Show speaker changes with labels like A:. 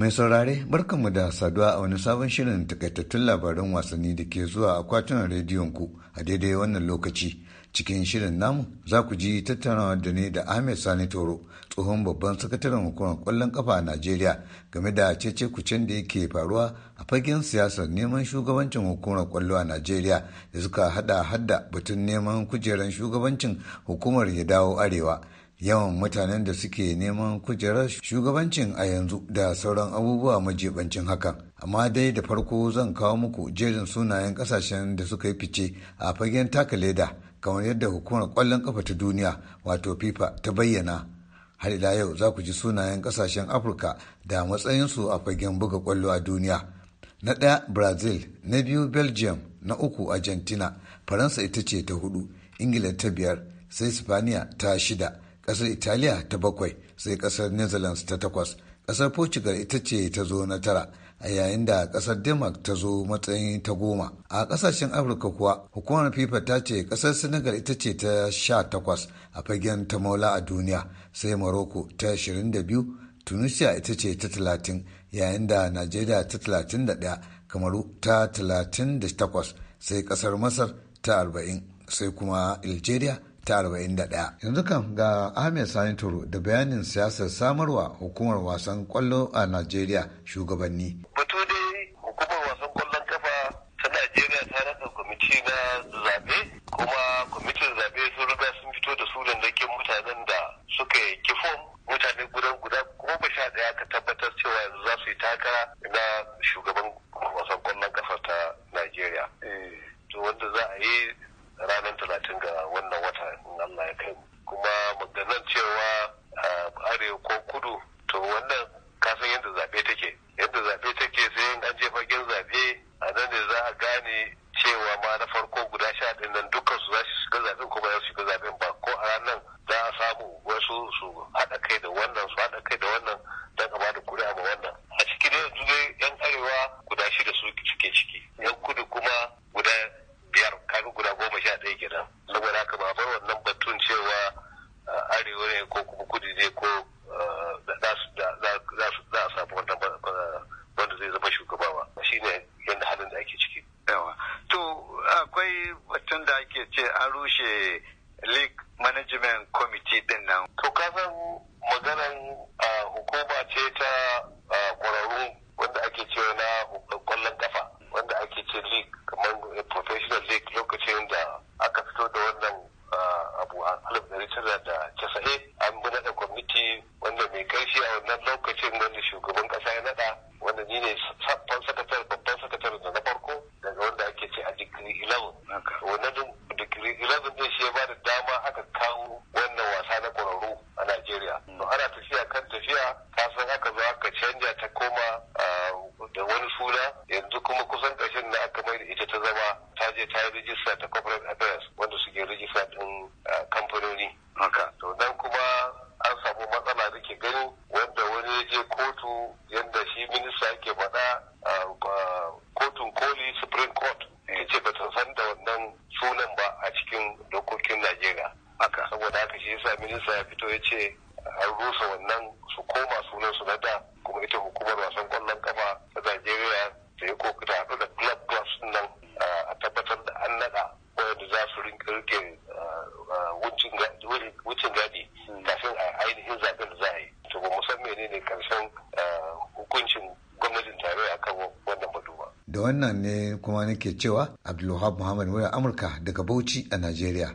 A: Mai saurare barkanmu da saduwa a wani sabon shirin takaitattun labaran wasanni da ke zuwa akwatunan rediyon ku a daidai wannan lokaci. Cikin shirin namu za ku ji tattaunawa da ne da Ahmed Sani Toro tsohon babban sakataren hukumar kwallon kafa a Najeriya game da cece kucen da yake faruwa a fagen siyasar neman shugabancin hukumar kwallo a Najeriya da suka hada hadda batun neman kujerar shugabancin hukumar ya dawo arewa yawan mutanen da suke neman kujerar shugabancin a yanzu da sauran abubuwa majibancin hakan amma dai da farko zan kawo muku jerin sunayen kasashen da suka yi fice a fagen taka leda kamar yadda hukumar kwallon kafa ta duniya wato fifa ta bayyana har ila yau za ku ji sunayen kasashen afirka da matsayinsu a fagen buga kwallo a duniya na ɗaya brazil na biyu belgium na uku argentina faransa ita ce ta hudu ingila ta biyar sai spaniya ta shida ƙasar italiya ta bakwai sai ƙasar netherlands ta takwas ƙasar portugal ita ce ta zo na tara a yayin da ƙasar denmark ta zo matsayin ta goma a ƙasashen afirka kuwa hukumar fifa ta ce ƙasar senegal ita ce ta sha takwas a fagen ta maula a duniya sai morocco ta ashirin da biyu tunisia ita ce ta talatin yayin da najeriya ta talatin da ɗaya kamaru ta talatin da takwas sai ƙasar masar ta arba'in sai kuma algeria ta yanzu kan ga ahmed sani toro da bayanin siyasar samarwa hukumar wasan kwallo a najeriya shugabanni batu dai hukumar wasan kwallon kafa ta najeriya ta raka kwamiti na zabe kuma kwamitin zabe
B: sun riga sun fito da su dandakin mutanen da suka yi kifon mutane gudan haɗa kai da wannan su haɗa kai da wannan don a bada kuri'a ma wannan a ciki ne yanzu dai yan arewa guda shida su cike ciki yan kudu kuma guda biyar kaga guda goma sha ɗaya kenan saboda haka ba bar wannan batun cewa arewa ne ko kuma kudu ne ko za a samu wannan wanda zai zama shugaba ba ne yadda halin da ake ciki yawa to akwai batun da ake ce an rushe lake management committee din nan to san maganan ah, hukuma ce ta ah, kwararru wanda ake ce na kwallon kafa wanda ake ce league kamar professional league lokacin da aka fito da wannan ah, abu a alif da tara da casa'in an bi naɗa kwamiti wanda mai kai shi a wannan lokacin wanda shugaban ƙasa ya naɗa wanda ni ne zaka za ka canja ta koma da wani suna yanzu kuma kusan ƙarshen na aka mai ita ta zama ta je ta yi rijista ta corporate affairs wanda suke rijista ɗin kamfanoni. Haka. To nan kuma an samu matsala da ke gani wanda wani ya je kotu yadda shi minista yake faɗa kotun koli supreme court ya eh. ce ba ta san da wannan sunan ba a cikin dokokin Najeriya. Haka. Saboda haka shi yasa minista ya fito ya ce an rusa wannan
A: da wannan ne kuma nake cewa abdulwahab muhammad murya amurka daga bauchi a najeriya